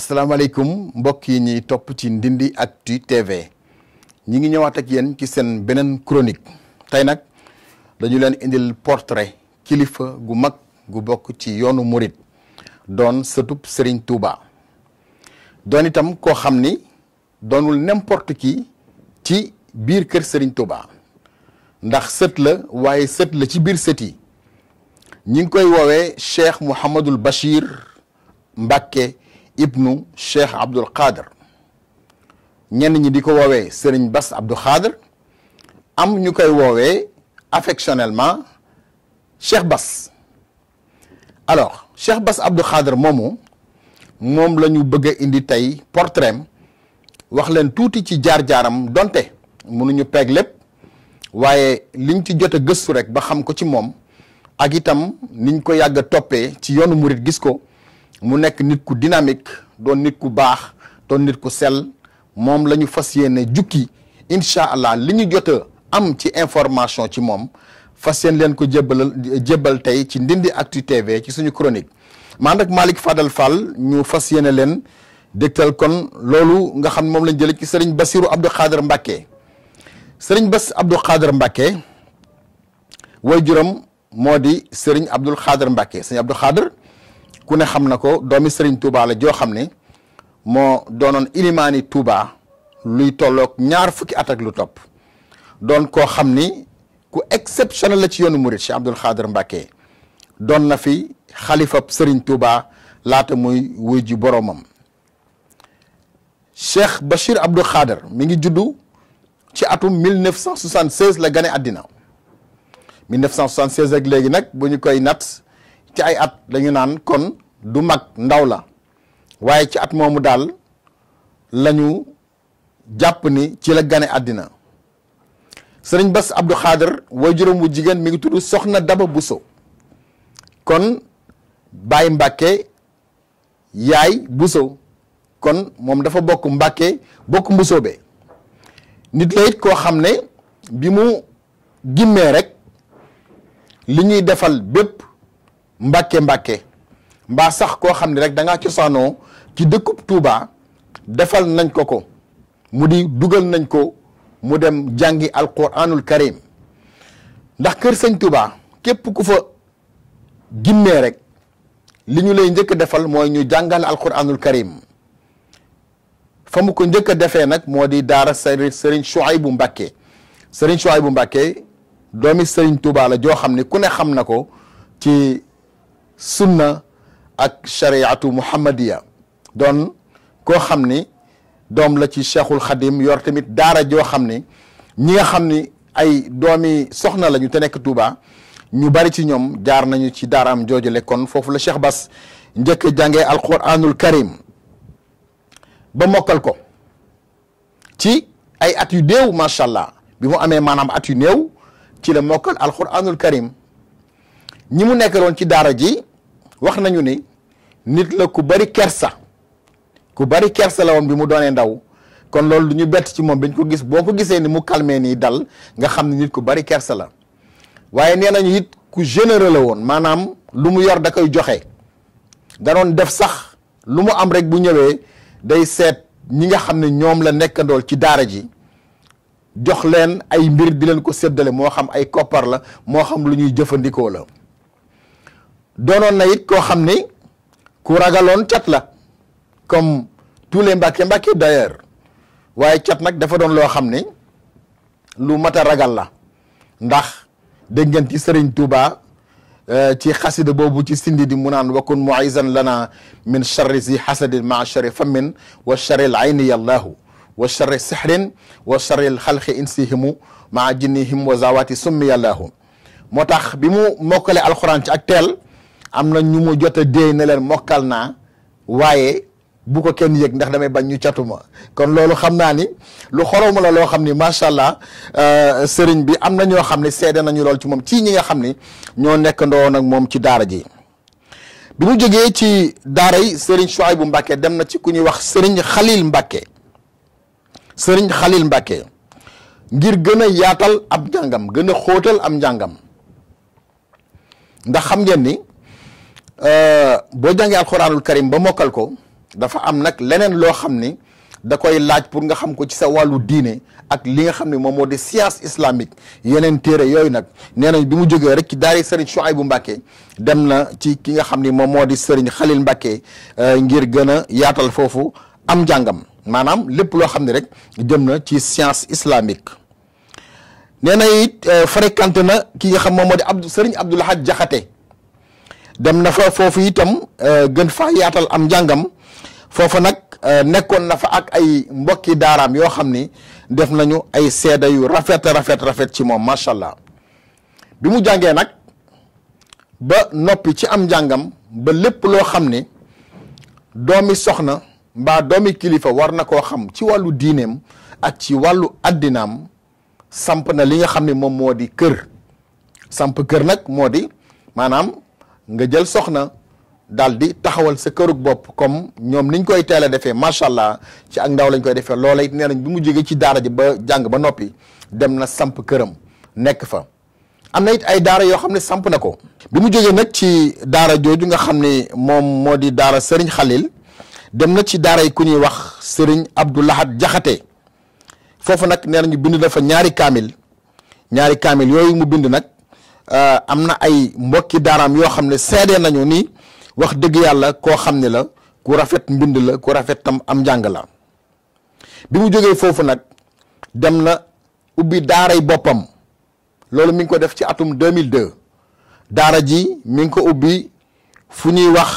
asalaamaaleykum mbokk yi ñuy topp ci Ndindy Actu TV ñi ngi ñëwaat ak yéen ci seen beneen chronique tey nag dañu leen indil portrait kilifa gu mag gu bokk ci yoonu murit doon sëtub sëriñ Touba doon itam koo xam ni doonul n'importe ki ci biir kër sëriñ Touba ndax sët la waaye sët la ci biir sët yi ñi ngi koy woowee Cheikh Mouhamadul Bachir Mbacke ibnu Cheikh Abdoul Khader ñenn ñi di ko woowee Serigne bas Abdou Khader am ñu koy woowe affectionnellement Cheikh bas alors. Cheikh Bass Abdou Khadre moomu moom la ñu bëgg indi tey portrait wax leen tuuti ci jaar-jaaram donte mënuñu peeg lépp waaye liñ ci jot a gëstu rek ba xam ko ci moom ak itam niñ ko yàgg toppee ci yoonu murit gis ko mu nekk nit ku dynamique doon nit ku baax doon nit ku sell moom lañu fas yéene jukki incha allah li ñu jot a am ci information ci moom fas yéen leen ko jébbalal jébbal tey ci ndindi Actu TV ci suñu chronique maa nag Malick Fadal Fall ñu fas yéene leen dégtal kon loolu nga xam ne moom lañ jëlee ci sëriñ Bassirou Abdou Khader Mbacké sëriñ Bass Abdou Khader Mbacké moo di sëriñ Abdou Khader Mbacké sëriñ Abdou Khader ku ne xam na ko doomi sëriñ Touba la joo xam ne moo doonoon ilimaani Touba luy tolloog ñaar fukki at lu topp doon koo xam ni ku exceptionnel la ci yoonu murit Cheikh Abdoul Khader Mbacke doon na fi xalifa Serigne Touba laata muy wuy ji boromam Cheikh Bachir Abdoul Khader mi ngi juddu ci atum 1976 la gane àddina 1976 ak léegi nag bu ñu koy nat ci ay at lañu naan kon du mag ndaw la waaye ci at moomu daal lañu jàpp ni ci la gane àddina sëriñ Bass Abdou Khader waajuram wu jigéen mi ngi tudd Soxna Daba bu Bousso kon Baye Mbacke yaay bu Bousso kon moom dafa bokk Mbacke bokk Bousso be nit la it koo xam ne bi mu gimmee rek li ñuy defal bépp Mbacke Mbacke mbaa sax koo xam ne rek da ngaa cosaanoo ci dëkkub Touba defal nañ ko ko mu di dugal nañ ko. mu dem jàngi alquranul karim ndax kër sëñ tubaa képp ku fa gimmee rek li ñu lay njëkk defal mooy ñu jàngal alquranul karim fa mu ko njëkk defee nag moo di daara sëriñ sëriñ bu Mbacké sëriñ bu Mbacké doomi sëriñ Touba la joo xam ne ku ne xam na ko ci sunna ak shariatu muhammadiya doon koo xam ni doom la ci cheikhul xadim yor tamit daara joo xam ni ñi nga xam ni ay doomi soxna lañu te nekk Touba ñu bari ci ñoom jaar nañu ci daaraam joojule kon foofu la Cheikh bas njëkk a jàngee alquranul karim ba mokkal ko ci ay at yu néew macha allah bi mu amee maanaam at yu néew ci la mokkal alquranul karim ñi mu nekkaloon ci daara ji wax nañu ni nit la ku bari kersa ku bari kerse la woon bi mu doonee ndaw kon loolu du ñu bett ci moom biñ ko gis boo ko gisee ni mu calmé nii dal nga xam ne nit ku bari kerse la waaye nee nañu it ku généreux la woon maanaam lu mu yor da koy joxe da def sax lu mu am rek bu ñëwee day seet ñi nga xam ne ñoom la nekkandool ci daara ji jox leen ay mbir di leen ko séddale moo xam ay koppar la moo xam lu ñuy jëfandikoo la doonoon na it koo xam ni ku ragaloon cat la tous les mbàkke mbàkke d'ailleurs waaye cat nag dafa doon loo xam ni lu mat a ragal la ndax dégg ngeen ci tuba Tuuba euh, ci xasid boobu ci sindi di mu naan wakun muizan lana min charri zi xasadin maa charri famin wa charri l ayni yallaahu wa charri sixrin wa charri l xalqi insihimu moo tax bi mu mokkale alxuraan ci ak teel am na ñu mu jot a déey ne leen mokkal naa waaye bu ko kenn yëg ndax demee bañ ñu catuma kon loolu xam naa ni lu xoromu la loo xam ni macha allah euh, sëriñ bi am na ñoo xam ne seede nañu lool ci moom ci ñi nga xam ni ñoo nekk ndoo nag moom ci daara ji bi mu jógee ci daara yi sëriñ bu Mbacke dem na ci ku ñuy wax sëriñ Khalil Mbacke sëriñ Khalil Mbacke ngir gën a yaatal ab njàngam gën a xóotal am njàngam ndax xam ngeen ni euh, boo jàngee alxuraanul karim ba mokkal ko dafa am nag leneen loo xam ni da koy laaj pour nga xam ko ci sa wàllu diine ak li nga xam ne moom moo di science islamique yeneen téere yooyu nag nee nañ bi mu jógee rek ci daari Serigne Chouaïbou Mbacké dem na ci ki nga xam ni moom moo di Serigne Khalil Mbacké euh, ngir gën a yaatal foofu am njàngam maanaam lépp loo xam ne rek jëm na ci science islamique nee na it euh, fréquenté na ki nga xam moom moo di Abdou Serigne Abdoul Ahad Diakhaté dem na fa foofu itam euh, gën fa yaatal am njàngam foofa nag euh, nekkoon na fa ak ay mbokki daaraam yoo xam ni def nañu ay seeda yu rafet rafet rafet ci moom macha allah bi mu jàngee nag ba noppi ci am njàngam ba lépp loo xam ni doomi soxna mbaa doomi kilifa war na koo xam ci wàllu diineem ak ci wàllu àddinaam samp na li nga xam ni moom moo di kër samp kër nag moo di maanaam nga jël soxna daal di taxawal sa kërug bopp comme ñoom niñ koy teel defee macha allah ci ak ndaw lañ koy defee loola it nee nañ bi mu jógee ci daara ji ba jàng ba noppi dem na samp këram nekk fa am na it ay daara yoo xam ne samp na ko bi mu jógee nag ci daara jooju nga xam ne moom moo di daara Serigne Khalil dem na ci daara yi ku ñuy wax Serigne Abdou Lahad Jaxate foofu nag nee nañu bind fa ñaari kaamil ñaari kaamil yooyu mu bind nag euh, am na ay mbokki daaraam yoo xam ne seede nañu ni wax dëgg yàlla koo xam ne la ku rafet mbind la ku rafet tam am njàng la bi mu jógee foofu nag dem na ubbi daaray boppam loolu mi ngi ko def ci atum 2002 daara ji mi ngi ko ubbi fu ñuy wax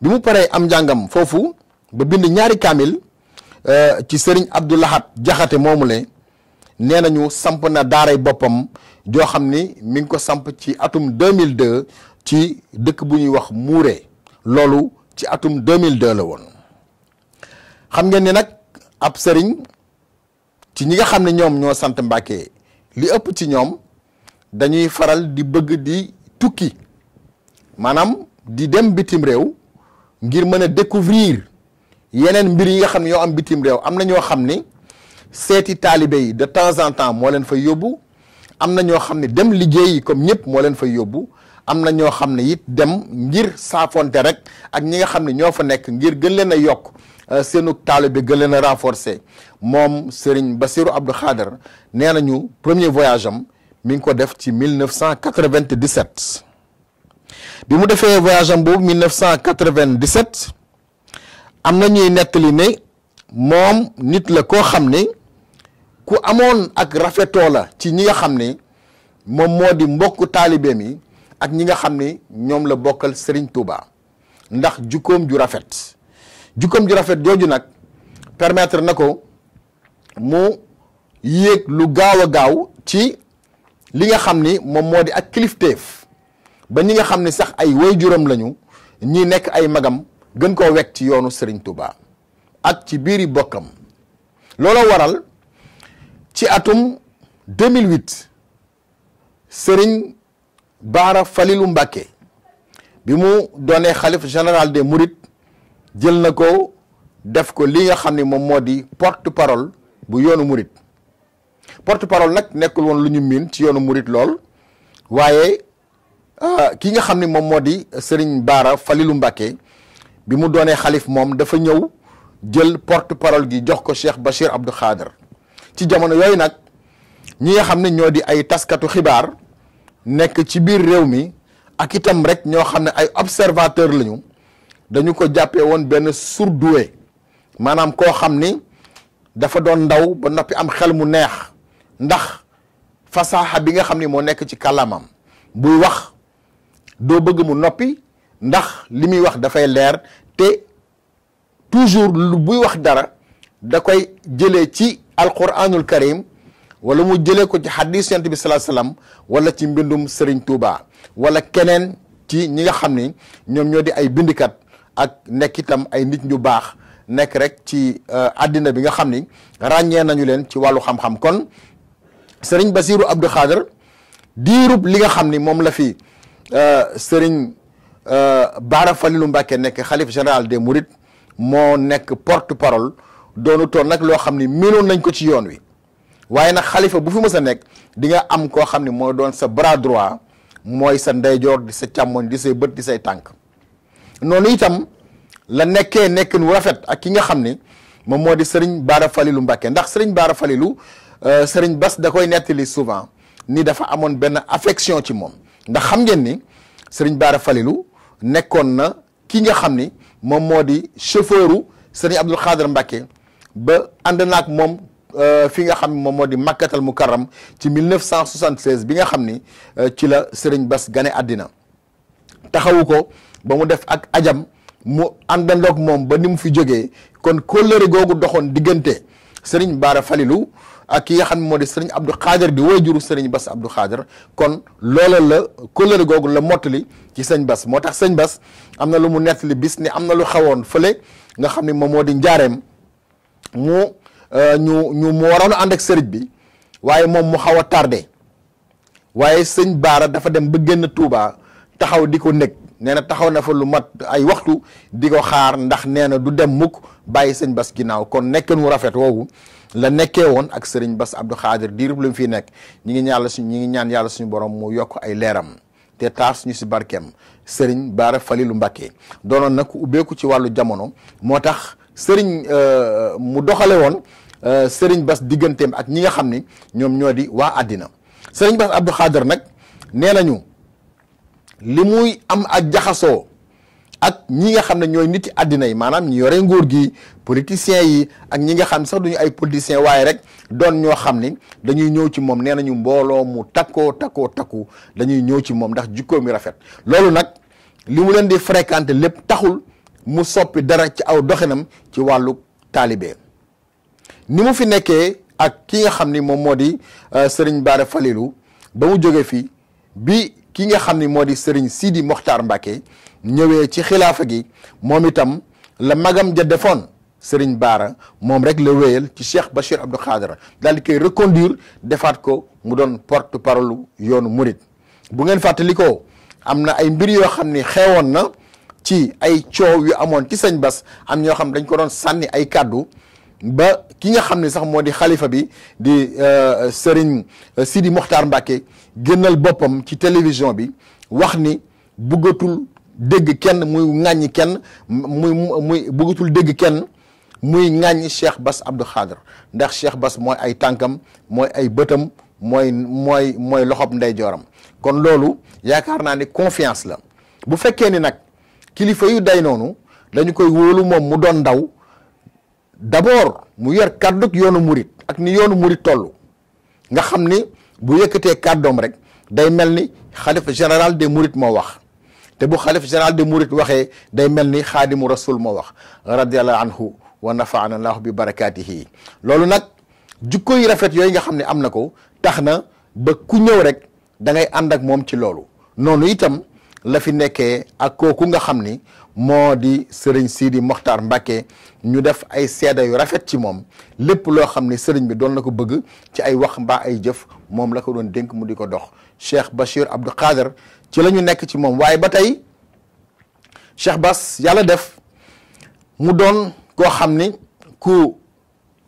bi mu paree am njàngam foofu ba bind ñaari kaamil Euh, ci sëriñ Abdou Lahad Jaxate moomu le nee nañu samp na daaray boppam joo xam ni mi ngi ko samp ci atum 2002 ci dëkk bu ñuy wax Muure loolu ci atum 2002 la woon xam nga ni nag ab sëriñ ci ñi nga xam ne ñoom ñoo sant Mbàkke li ëpp ci ñoom dañuy faral di bëgg di tukki maanaam di dem bitim réew ngir mën a découvrir yeneen mbir yi nga xam ne ñoo am bitim réew am na ñoo xam ne seeti taalibe yi de temps en temps moo leen fa yóbbu am na ñoo xam ne dem liggéeyi comme ñëpp moo leen fa yóbbu am na ñoo xam ne it dem ngir saafonte rek ak ñi nga xam ne ñoo fa nekk ngir gën leen a yokk euh, seenu taalibe gën leen a renforcer moom Serigne Bassirou Abdou Khader nee na ñu premier voyage am mi ngi ko def ci 1997 bi mu defee voyage am boobu 1997. am na ñuy nettali ne moom nit la koo xam ne ku amoon ak rafetoo la ci ñi nga xam ne moom moo di mbokk taalibee yi ak ñi nga xam ne ñoom la bokkal sëriñ Touba ndax jukkoom ju rafet jukkoom ju rafet jooju nag permettre na ko mu yéeg lu gaaw a gaaw ci li nga xam ni moom moo di ak kilifteef ba ñi nga xam ne sax ay way juróom lañu ñi nekk ay magam gën koo wekk ci yoonu Serigne Touba ak ci biir biiri bokkam looloo waral ci atum 2008 Serigne Baara Falilu Mbàkke bi mu doonee xalif général de Mourides jël na ko def ko li nga xam ni moom moo di porte parole bu yoonu Mouride porte parole nag nekkul woon lu ñu miin ci yoonu Mouride lool waaye euh, ki nga xam ne moom moo di Serigne Baara Falilu Mbàkke bi mu doonee xalif moom dafa ñëw jël porte parole gi jox ko Cheikh Bachir Abdou Khader ci jamono yooyu nag ñi nga xam ne ñoo di ay taskatu xibaar nekk ci biir réew mi ak itam rek ñoo xam ne ay observateur lañu dañu ko jàppee woon benn duwe maanaam koo xam ni dafa doon ndaw ba noppi am xel mu neex ndax fasaxa bi nga xam ni moo nekk ci kàllaamam buy wax doo bëgg mu noppi ndax li muy wax dafay leer te toujours lu buy wax dara da koy jële ci alquranul karim wala mu jëlee ko ci xadis yonent bi salaa salaam wala ci mbindum sëriñ Touba wala keneen ci ñi nga xam ni ñoom ñoo di ay bindikat ak nekk itam ay nit ñu baax nekk rek ci euh, àddina bi nga xam ni ràññee nañu leen ci wàllu xam-xam kon sëriñ Basirou Abdou Khader diirub li nga xam ni moom la fi euh, sëriñ Euh, Baara Falilou Mbacké nekk xalif général des Mourides moo nekk porte parole doonu toon nag loo xam ni miinoon nañ ko ci yoon wi waaye nag xalifa bu fi mës a nekk di nga am koo xam ni moo doon sa bras droit mooy sa ndeyjoor di sa càmmoñ di say di say tànk noonu itam la nekkee nekkin wu rafet ak ki nga xam ni moom moo di Serigne Baara Falilou Mbacké ndax Serigne Baara Falilou euh, Serigne Bas da koy nettali souvent ni dafa amoon benn affection ci moom ndax xam ngeen ni sëriñ Baara Falilou nekkoon na ki nga xam ni moom moo di chauffeuru sëriñ Abdul Xaadir Mbàkke ba ànd naag moom euh, fi nga xam moom moo di makkatal mukarram ci 1976 bi nga xam ni euh, ci la sëriñ Bas gane àddina taxawu ko ba mu def ak ajam mu àndandoog moom ba ni mu fi jógee kon kóllëre googu doxoon diggante sëriñ Baara Falilu ak ki xam ne moo di sëriñ Abdou Khader di waajuru sëriñ bas Abdou Khader kon loola la kóllëre googu la mottali ci sëñ bas moo tax sëñ bas am na lu mu nettali bis ni am na lu xawoon fële nga xam ni moom moo di njaareem mu euh, ñu ñu mu waroon ak sëriñ bi waaye moom mu xaw a tardé waaye sëñ Baara dafa dem ba génn tuubaa taxaw di ko nekk nee na taxaw na fa lu mat ay waxtu di ko xaar ndax nee na du dem mukk bàyyi sëñ Bass ginnaaw kon nekkin wu rafet woowu la nekkee woon ak sëriñ Bass Abdou Khadir diirub lu mu fii nekk ñi ngi ñaan suñu ngi ñaan yàlla suñu borom mu yokk ay leeram te taar suñu si barkeem sëriñ Baara Falilu Mbàkke doonoon nag ubbeeku ci wàllu jamono moo tax sëriñ euh, mu doxale woon euh, sëriñ Bass digganteem ak ñi nga xam ni ñoom ñoo di waa àddina sëriñ Bass Abdou Khadir nag nee nañu li muy am ak jaxasoo ak ñi nga xam ne ñooy nit yi àddina yi maanaam ñu yore nguur gi politiciens yi ak ñi nga xam sax duñu ay politiciens waaye rek doon ñoo xam ni dañuy ñëw ci moom nee nañu mbooloo mu takkoo takkoo takku dañuy ñëw ci moom ndax jikkoom mi rafet loolu nag li mu leen di fréquenter lépp taxul mu soppi dara ci aw doxinam ci wàllu taalibe ni mu fi nekkee ak ki nga xam ni moom moo di euh, Serigne Bara Falilou ba mu jóge fii bi ki nga xam ni moo di Serigne Sidi Mokhtar Mbacke ñëwee ci xilaafa gi moom itam la magam ja defoon Serigne Baara moom rek la wéyal ci Cheikh Bachir Abdou Khadra daal di koy reconduire defaat ko mu doon porte parole yoonu murit bu ngeen fàttalikoo am na ay mbir yoo xam ni xewoon na ci ay coow yu amoon ci sëñ Bas am ñoo xam dañ ko doon sànni ay kàddu ba ki nga xam ne sax moo di xalifa bi di euh, Serigne euh, Sidi Mokhtar Mbacke génnal boppam ci télévision bi wax ni bëggatul dégg kenn muy ŋàññi kenn muy muy bëggatul dégg kenn muy ŋàññi Cheikh Bass ndax Cheikh Bass mooy ay tànkam mooy ay bëtam mooy mooy mooy loxob ndeyjooram kon loolu yaakaar naa ni confiance la bu fekkee ni nag kilifa yu day noonu dañu koy wóolu moom mu doon ndaw d'abord mu yor kàddug yoonu murit ak ni yoonu murit tollu nga xam ni bu yëkkatee kàddoom rek day mel ni xalif général de murit moo wax te bu xalif général de murit waxee day mel ni xaadimu rasul moo wax radiallahu anhu wa nafaana allahu bi barakaatihi loolu nag jukko yu rafet yooyu nga xam ne am na ko tax na ba ku ñëw rek da ngay ànd ak moom ci loolu noonu itam la fi nekkee ak kooku nga xam ni moo di sëriñ Sidi Mokhtar Mbacke ñu def ay seede yu rafet ci moom lépp loo xam ni sëriñ bi doon na ko bëgg ci ay wax mbaa ay jëf moom la ko doon dénk mu di ko dox Cheikh Bachir Abdou Khader ci lañu nekk ci moom waaye ba tey Cheikh Bass yàlla def mu doon koo xam ni ku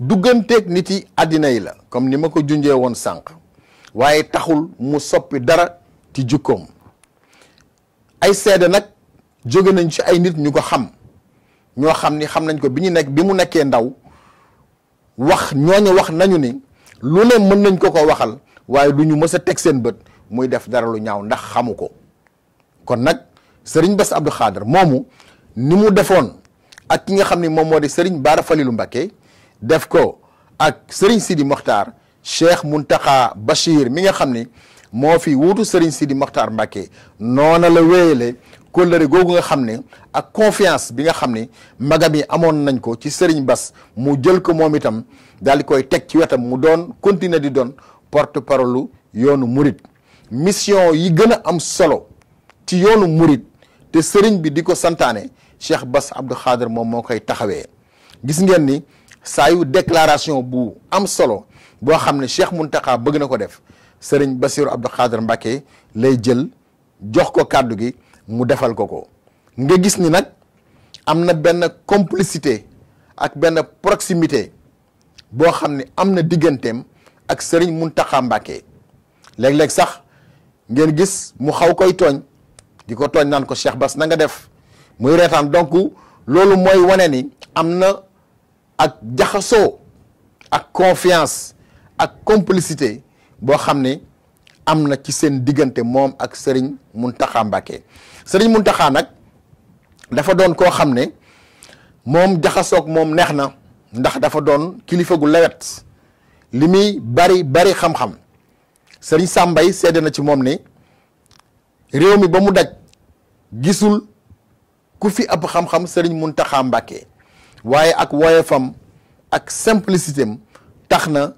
dugganteeg nit yi àddina yi la comme ni ma ko junjee woon sànq waaye taxul mu soppi dara ci jukkoom ay seede nag jóge nañ ci ay nit ñu ko xam ñoo xam ni xam nañ ko bi ñu nekk bi mu nekkee ndaw wax ñooñu wax nañu ni lu ne mën nañ ko ko waxal waaye du ñu mës a teg seen bët muy def dara lu ñaaw ndax xamu ko kon nag sëriñ Bass Abdou Khadre moomu ni mu defoon ak ki nga xam ni moom moo di sëriñ Bara Falilou Mbacké def ko ak sëriñ Sidi Mokhtar Cheikh Mountakha Bachir mi nga xam ni moo fi wuutu Serigne Sidi Mokhtar Mbacké noona la wéyale kóllëre googu nga xam ne ak confiance bi nga xam ne magam yi amoon nañ ko ci Serigne bas mu jël ko moom itam daal di koy teg ci wetam mu doon continuer di doon porte parole yoonu murit mission yi gën a am solo ci yoonu murit te Serigne bi di ko santaane Cheikh Bass Abdou Khader moom moo koy taxawee gis ngeen ni saa yu bu am solo boo xam ne Cheikh Mountakha bëgg na ko def sëriñ Bassirou Abdou Khader Mbacké lay jël jox ko kàddu gi mu defal ko ko nga gis ni nag am na benn complicité ak benn proximité boo xam ne am na digganteem ak sëriñ Mountakha Mbacké léeg-léeg sax ngeen gis mu xaw koy tooñ di ko tooñ naan ko Cheikh Bass na nga def muy reetaan donc loolu mooy wane ni am na ak jaxasoo ak confiance ak complicité boo xam ne am na ci seen diggante moom ak sëriñ Serigne Mountakha Mbacké mun Mountakha nag dafa doon koo xam ne moom jaxasoog moom neex na ndax dafa doon kilifa gu lewet li muy bari bari xam-xam Serigne Sambay seede na ci moom ne réew mi ba mu daj gisul ku fi ab xam-xam mun Mountakha Mbacké waaye ak woyefam ak simplicité tax na.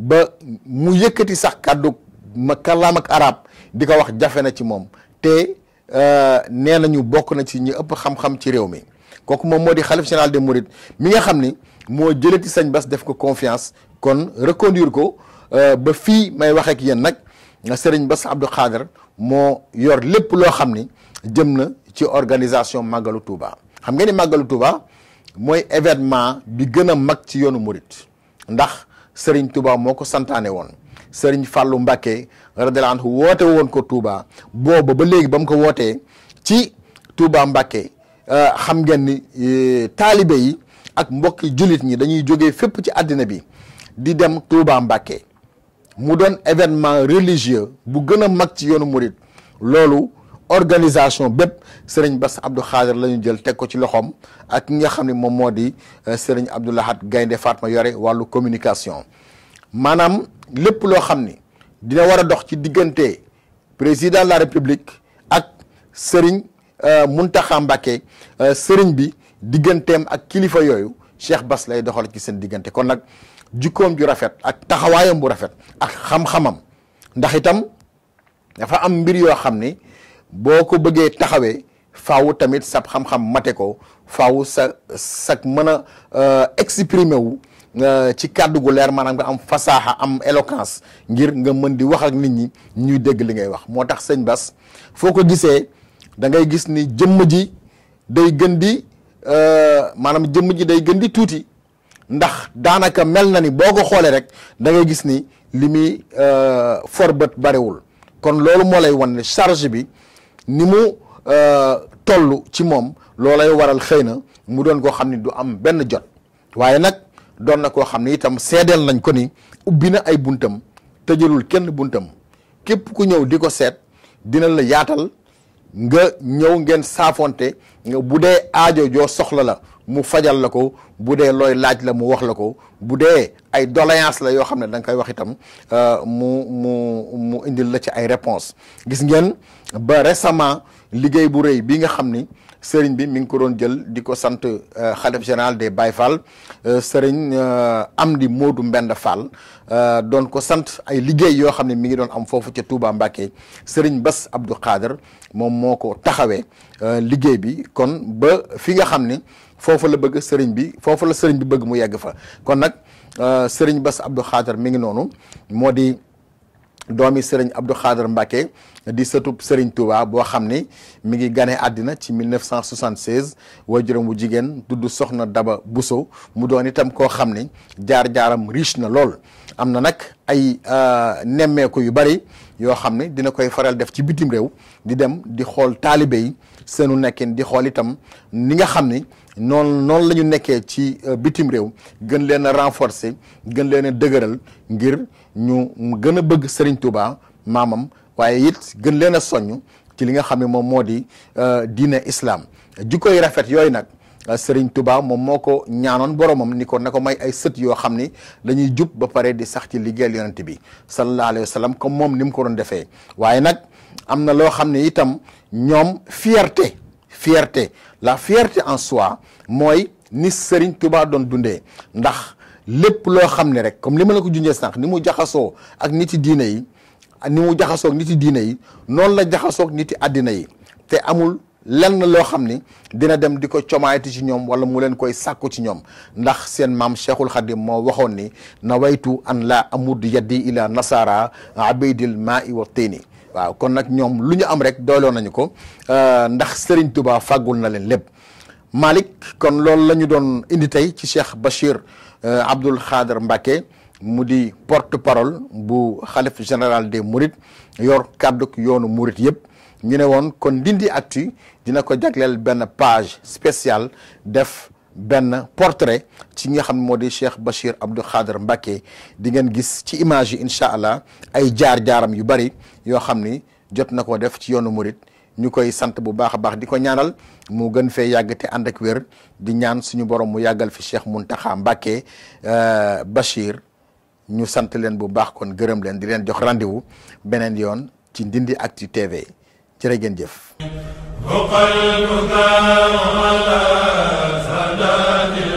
ba mu yëkkati sax kàddu ma kàllaam ak arab di ko wax jafe na ci moom te euh, nee nañu bokk na ci ñi ëpp xam-xam ci réew mi kooku moom moo di xalif général des mourides mi nga xam ni moo jëlati sañ bas def ko confiance kon reconduire ko euh, ba fii may wax ak yéen nag sëriñ Bass Abdou Khadre moo yor lépp loo xam ni jëm na ci organisation màggalu Touba xam ngeen ni màggalu Touba mooy événement bi gën a mag ci yoonu murit ndax Serigne Touba moo ko santaane woon Serigne fàllu Mbacké radiyallahu anhu woote woon ko Touba booba ba léegi ba mu ko wootee ci Touba Mbacké euh, xam ngeen ni euh, taalibe yi ak mbokki jullit ñi dañuy jógee fépp ci àddina bi di dem Touba Mbacké mu doon événement religieux bu gën a mag ci yoonu murit loolu organisation bépp sëriñ Bass Abdou Khadir la ñu jël teg ko ci loxoom ak nga xam ne moom moo di euh, sëriñ Abdou Lahad Gaynde Fatma yore wàllu communication maanaam lépp loo xam ni dina war a dox ci diggante président la république ak sëriñ euh, Mountakha Mbacké euh, sëriñ bi digganteem ak kilifa yooyu Cheikh Bass lay doxal ci seen diggante kon nag jikkoom ju rafet ak taxawaayam bu rafet ak xam-xamam ndax itam dafa am mbir yoo xam ni boo ko bëggee taxawee faaw tamit sab xam-xam mate ko faaw sa sag mën a euh, exprimer wu ci kàddu gu leer maanaam nga am fasaaxa am éloquence ngir nga mën di wax ak nit ñi ñuy dégg li ngay wax moo tax sëñ Bas foo ko gisee da ngay gis ni jëmm ji day gën di euh, maanaam jëmm ji day gën di tuuti ndax daanaka mel na ni boo ko xoolee rek da ngay gis ni li muy euh, forbët barewul kon loolu moo lay wan ne charge bi ni mu euh, tollu ci moom loo loolay waral xëy na mu doon koo xam ni du am benn jot waaye nag doon na koo xam ni itam seedeel nañ ko ni ubbi na ay buntam tëjalul kenn buntam képp ku ñëw di ko seet dina la yaatal nga ñëw ngeen saafonte bu dee aajo joo soxla la mu fajal la ko bu dee looy laaj la mu wax la ko bu dee ay doléance la yoo xam ne da nga koy wax itam euh, mu mu mu indil la ci ay réponse gis ngeen ba récemment liggéey bu rëy bi nga xam ni sëriñ bi mi ngi ko doon jël di ko sant euh, xalif général des Baye Fall euh, sëriñ euh, Amdi Modou Mbend Fall doon ko sant ay liggéey yoo xam ne mi ngi doon am foofu ca Touba Mbacké sëriñ bas Abdou Khader moom moo ko taxawee liggéey bi kon ba fi nga xam ni foofu la bëgg sëriñ bi foofu la sëriñ bi bëgg mu yegg fa kon nag sëriñ bas Abdou Khader mi ngi noonu moo di. doomi Serigne Abdou Khader Mbacke di sëtub Serigne Touba boo xam ni mi ngi gane àddina ci 1976 waajuram wu jigéen dudd Soxna Daba Bousso mu doon itam koo xam ni jaar-jaaram riche na lool. am na nag ay euh, nemmeeku yu bari yoo xam ne dina koy faral def ci bitim réew di dem di xool taalibe yi. seenu nekkin di xool itam ni nga xam ni noonu noonu la nekkee ci euh, bitim réew gën leen a renforcer gën leen a dëgëral ngir ñu gën a bëgg Serigne Touba maamam waaye it gën leen a soññ ci li nga xam ne moom moo di euh, diine islaam jikko yu rafet yooyu nag. Euh, seriñ Touba moom moo ko ñaanoon boromam ni ko na ko may ay sët yoo xam ni dañuy jub ba pare di sax ci liggéeyal yonent bi sallallahu alayhi comme moom ni mu ko doon defee waaye nag. am na loo xam ne itam ñoom fierté fierté la fierté en soi mooy ni Serigne Touba doon dundee ndax lépp loo xam ne rek comme li ma la ko junjee sànq ni mu jaxasoo ak niti diine yi ni mu jaxasoo ak niti diine yi noonu la jaxasoo niti àddina yi te amul lenn loo xam ni dina dem di ko comaayati ci ñoom wala mu leen koy sàkku ci ñoom ndax seen maam cheikhul xadim moo waxoon ni na waytu an la amud yaddi ila nasara abidil maa i wa waaw kon nag ñoom lu ñu am rek doyloo nañu ko euh, ndax Serigne tubaa fàggul na leen lépp Malick kon loolu la ñu doon indi tey ci Cheikh Bachir euh, abdul Khader Mbacké mu di porte parole bu xalif général de Mourides yor kàdduk yoonu Mouride yëpp ñu ne woon kon Ndindy Actu dina ko jagleel benn page spéciale def. benn portrait ci nga xam moo di Cheikh Bachir Abdou Khader Mbacké di ngeen gis ci image yi incha allah ay jaar-jaaram yu bari yoo xam ni jot na ko def ci yoonu murit ñu koy sant bu baax a baax di ko ñaanal mu gën fee yàgg te ànd ak wér di ñaan suñu borom mu yàggal fi Cheikh Mountakha Mbacké euh, Bachir ñu sant leen bu baax kon gërëm leen di leen jox rendez-vous beneen yoon ci Ndindy Actu TV. jërë ngeen jëf